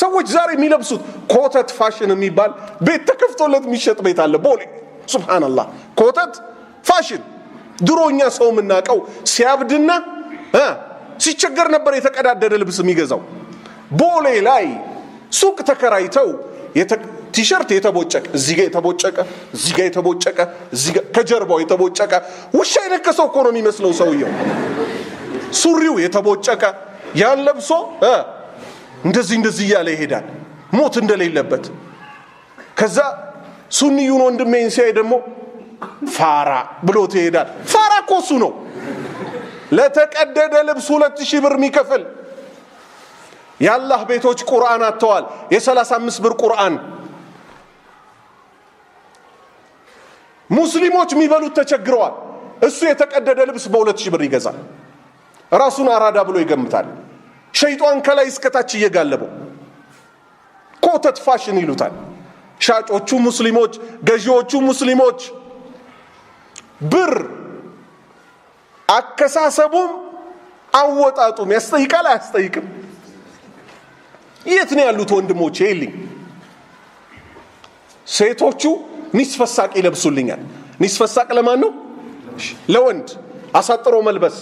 ሰዎች ዛሬ የሚለብሱት ኮተት ፋሽን የሚባል ቤት ተከፍቶለት የሚሸጥ ቤት አለ ቦሌ። ሱብሃንአላህ ኮተት ፋሽን። ድሮ እኛ ሰው የምናውቀው ሲያብድና ሲቸገር ነበር የተቀዳደደ ልብስ የሚገዛው። ቦሌ ላይ ሱቅ ተከራይተው ቲሸርት የተቦጨቀ እዚጋ የተቦጨቀ እዚጋ የተቦጨቀ እዚህ ከጀርባው የተቦጨቀ ውሻ የነከሰው እኮ ነው የሚመስለው ሰውየው። ሱሪው የተቦጨቀ ያን ለብሶ እንደዚህ እንደዚህ እያለ ይሄዳል ሞት እንደሌለበት ከዛ ሱኒዩን ወንድሜን ሲያይ ደግሞ ፋራ ብሎት ይሄዳል ፋራ እኮ እሱ ነው ለተቀደደ ልብስ ሁለት ሺህ ብር የሚከፍል የአላህ ቤቶች ቁርአን አጥተዋል የሰላሳ አምስት ብር ቁርአን ሙስሊሞች የሚበሉት ተቸግረዋል እሱ የተቀደደ ልብስ በሁለት ሺህ ብር ይገዛል ራሱን አራዳ ብሎ ይገምታል ሸይጧን ከላይ እስከታች እየጋለበው ኮተት ፋሽን ይሉታል። ሻጮቹ ሙስሊሞች፣ ገዢዎቹ ሙስሊሞች፣ ብር አከሳሰቡም አወጣጡም ያስጠይቃል አያስጠይቅም? የት ነው ያሉት ወንድሞች ይልኝ ሴቶቹ ኒስፈሳቅ ይለብሱልኛል። ኒስፈሳቅ ለማን ነው? ለወንድ አሳጥሮ መልበስ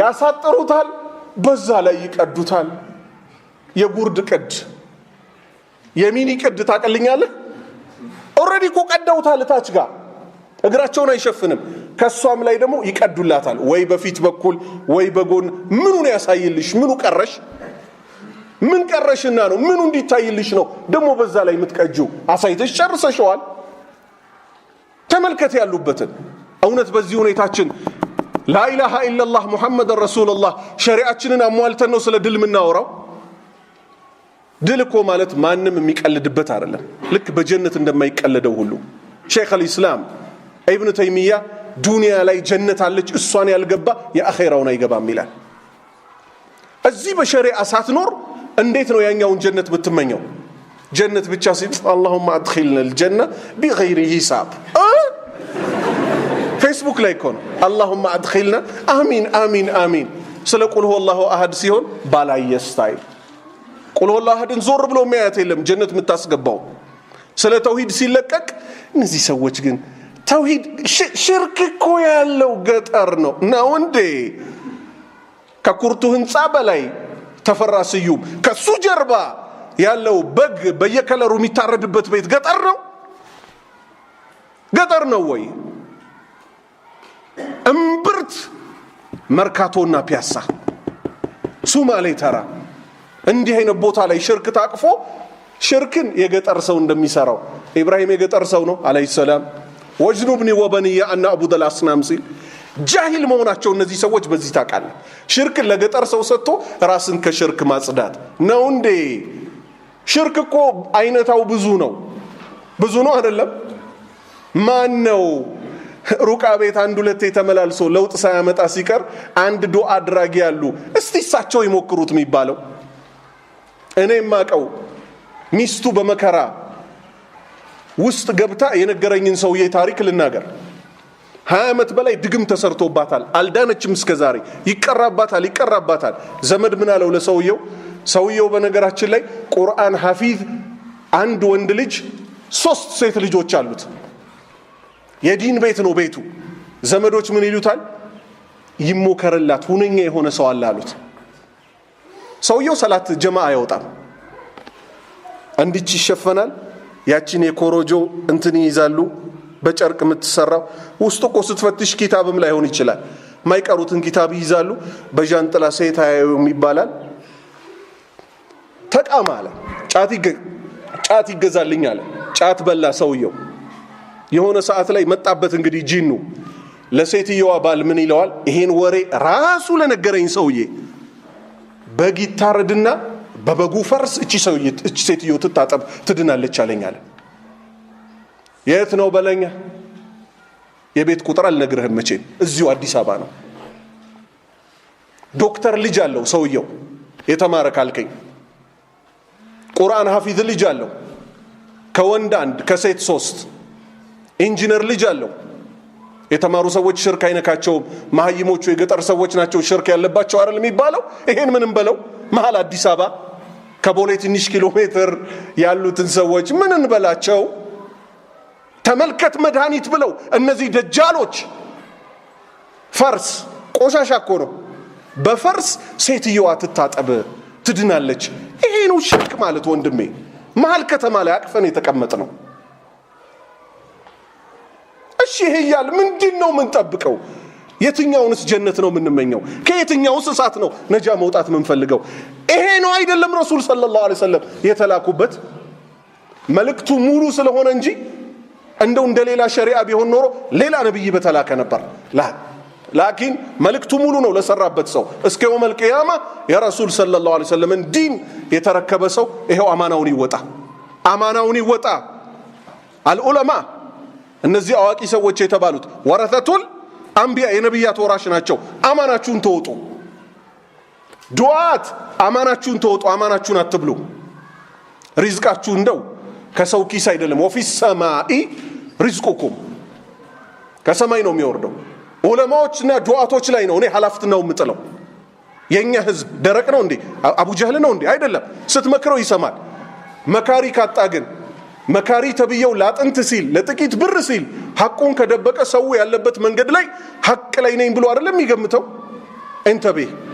ያሳጥሩታል። በዛ ላይ ይቀዱታል። የጉርድ ቅድ የሚኒ ቅድ ታቀልኛለህ። ኦልሬዲ እኮ ቀደውታል እታች ጋር እግራቸውን አይሸፍንም። ከእሷም ላይ ደግሞ ይቀዱላታል። ወይ በፊት በኩል ወይ በጎን ምኑን ያሳይልሽ? ምኑ ቀረሽ? ምን ቀረሽና ነው? ምኑ እንዲታይልሽ ነው ደግሞ በዛ ላይ የምትቀጁ? አሳይተሽ ጨርሰሸዋል። ተመልከት ያሉበትን። እውነት በዚህ ሁኔታችን ላኢላሃ ኢለላህ ሙሐመድን ረሱሉላህ ሸሪአችንን አሟልተን ነው ስለ ድል የምናወራው። ድል እኮ ማለት ማንም የሚቀልድበት አይደለም። ልክ በጀነት እንደማይቀለደው ሁሉ ሼክ አልኢስላም ኢብኑ ተይሚያ ዱንያ ላይ ጀነት አለች፣ እሷን ያልገባ የአኼራውን አይገባም ይላል። እዚህ በሸሪዓ ሳትኖር እንዴት ነው ያኛውን ጀነት ብትመኘው? ጀነት ብቻ ሲል አላሁማ አድኺልና ልጀና ቢገይሪ ሂሳብ ፌስቡክ ላይ እኮ ነው አላሁማ አድኪልና አሚን አሚን አሚን ስለ ቁልሁ አላሁ አህድ ሲሆን ባላየ ስታይል ቁልሁ አላሁ አህድን ዞር ብሎ የሚያያት የለም ጀነት የምታስገባው ስለ ተውሂድ ሲለቀቅ እነዚህ ሰዎች ግን ተውሂድ ሽርክ እኮ ያለው ገጠር ነው ነው እንዴ ከኩርቱ ህንፃ በላይ ተፈራ ስዩም ከሱ ጀርባ ያለው በግ በየከለሩ የሚታረድበት ቤት ገጠር ነው ገጠር ነው ወይ እምብርት መርካቶና ፒያሳ ሱማሌ ተራ እንዲህ አይነት ቦታ ላይ ሽርክ ታቅፎ ሽርክን የገጠር ሰው እንደሚሰራው ኢብራሂም የገጠር ሰው ነው አለይሂ ሰላም። ወጅኑብኒ ወበንያ እና አቡደ አስናም ሲል ጃሂል መሆናቸው እነዚህ ሰዎች በዚህ ታቃለ ሽርክን ለገጠር ሰው ሰጥቶ ራስን ከሽርክ ማጽዳት ነው እንዴ? ሽርክ እኮ አይነታው ብዙ ነው። ብዙ ነው አይደለም? ማን ነው ሩቃ ቤት አንድ ሁለት የተመላልሶ ለውጥ ሳያመጣ ሲቀር አንድ ዱዓ አድራጊ ያሉ እስቲ እሳቸው ይሞክሩት የሚባለው እኔ የማቀው ሚስቱ በመከራ ውስጥ ገብታ የነገረኝን ሰውዬ ታሪክ ልናገር። ሀያ ዓመት በላይ ድግም ተሰርቶባታል። አልዳነችም እስከ ዛሬ። ይቀራባታል፣ ይቀራባታል። ዘመድ ምን አለው ለሰውየው? ሰውየው በነገራችን ላይ ቁርአን ሐፊዝ፣ አንድ ወንድ ልጅ ሶስት ሴት ልጆች አሉት። የዲን ቤት ነው ቤቱ። ዘመዶች ምን ይሉታል? ይሞከርላት ሁነኛ የሆነ ሰው አለ አሉት። ሰውየው ሰላት ጀማ አይወጣም። እንዲች ይሸፈናል፣ ያቺን የኮሮጆ እንትን ይይዛሉ፣ በጨርቅ የምትሰራው ውስጡ እኮ ስትፈትሽ ኪታብም ላይሆን ይችላል። ማይቀሩትን ኪታብ ይይዛሉ። በዣንጥላ ሴት አያዩም ይባላል። ተቃማ አለ። ጫት ይገዛልኝ አለ። ጫት በላ ሰውየው። የሆነ ሰዓት ላይ መጣበት እንግዲህ ጂኑ ለሴትየዋ ባል ምን ይለዋል? ይሄን ወሬ ራሱ ለነገረኝ ሰውዬ በግ ይታረድና በበጉ ፈርስ እቺ ሴትዮ ትታጠብ ትድናለች አለኝ አለ። የት ነው በለኛ። የቤት ቁጥር አልነግርህም መቼም፣ እዚሁ አዲስ አበባ ነው። ዶክተር ልጅ አለው ሰውየው፣ የተማረ ካልከኝ፣ ቁርአን ሀፊዝ ልጅ አለው ከወንድ አንድ ከሴት ሶስት ኢንጂነር ልጅ አለው። የተማሩ ሰዎች ሽርክ አይነካቸውም። መሀይሞቹ የገጠር ሰዎች ናቸው ሽርክ ያለባቸው አይደል የሚባለው። ይሄን ምንም በለው መሀል አዲስ አበባ ከቦሌ ትንሽ ኪሎ ሜትር ያሉትን ሰዎች ምን እንበላቸው? ተመልከት መድኃኒት ብለው እነዚህ ደጃሎች ፈርስ ቆሻሻ እኮ ነው። በፈርስ ሴትየዋ ትታጠብ ትድናለች። ይሄ ነው ሽርክ ማለት ወንድሜ። መሀል ከተማ ላይ አቅፈን የተቀመጥ ነው። እሺ ይህያል ምንድን ነው ምንጠብቀው? የትኛውንስ ጀነት ነው የምንመኘው? ከየትኛውስ እሳት ነው ነጃ መውጣት የምንፈልገው? ይሄ ነው አይደለም ረሱል ሰለላሁ ዐለይሂ ወሰለም የተላኩበት መልእክቱ ሙሉ ስለሆነ እንጂ እንደው እንደ ሌላ ሸሪዓ ቢሆን ኖሮ ሌላ ነብይ በተላከ ነበር። ላኪን መልእክቱ ሙሉ ነው ለሰራበት ሰው እስከ የውመል ቅያማ የረሱል ሰለላሁ ዐለይሂ ወሰለምን ዲን የተረከበ ሰው ይሄው አማናውን ይወጣ አማናውን ይወጣ አልዑለማ እነዚህ አዋቂ ሰዎች የተባሉት ወረተቱል አንቢያ የነቢያት ወራሽ ናቸው። አማናችሁን ተወጡ። ዱዓት አማናችሁን ተወጡ። አማናችሁን አትብሉ። ሪዝቃችሁ እንደው ከሰው ኪስ አይደለም። ወፊ ሰማኢ ሪዝቁኩም ከሰማይ ነው የሚወርደው። ዑለማዎችና ዱዓቶች ላይ ነው እኔ ነው የምጥለው። የእኛ ህዝብ ደረቅ ነው እንዴ? አቡጀህል ነው እንዴ? አይደለም። ስትመክረው ይሰማል። መካሪ ካጣ ግን መካሪ ተብየው ላጥንት ሲል ለጥቂት ብር ሲል ሐቁን ከደበቀ ሰው ያለበት መንገድ ላይ ሐቅ ላይ ነኝ ብሎ አይደለም የሚገምተው እንተቤ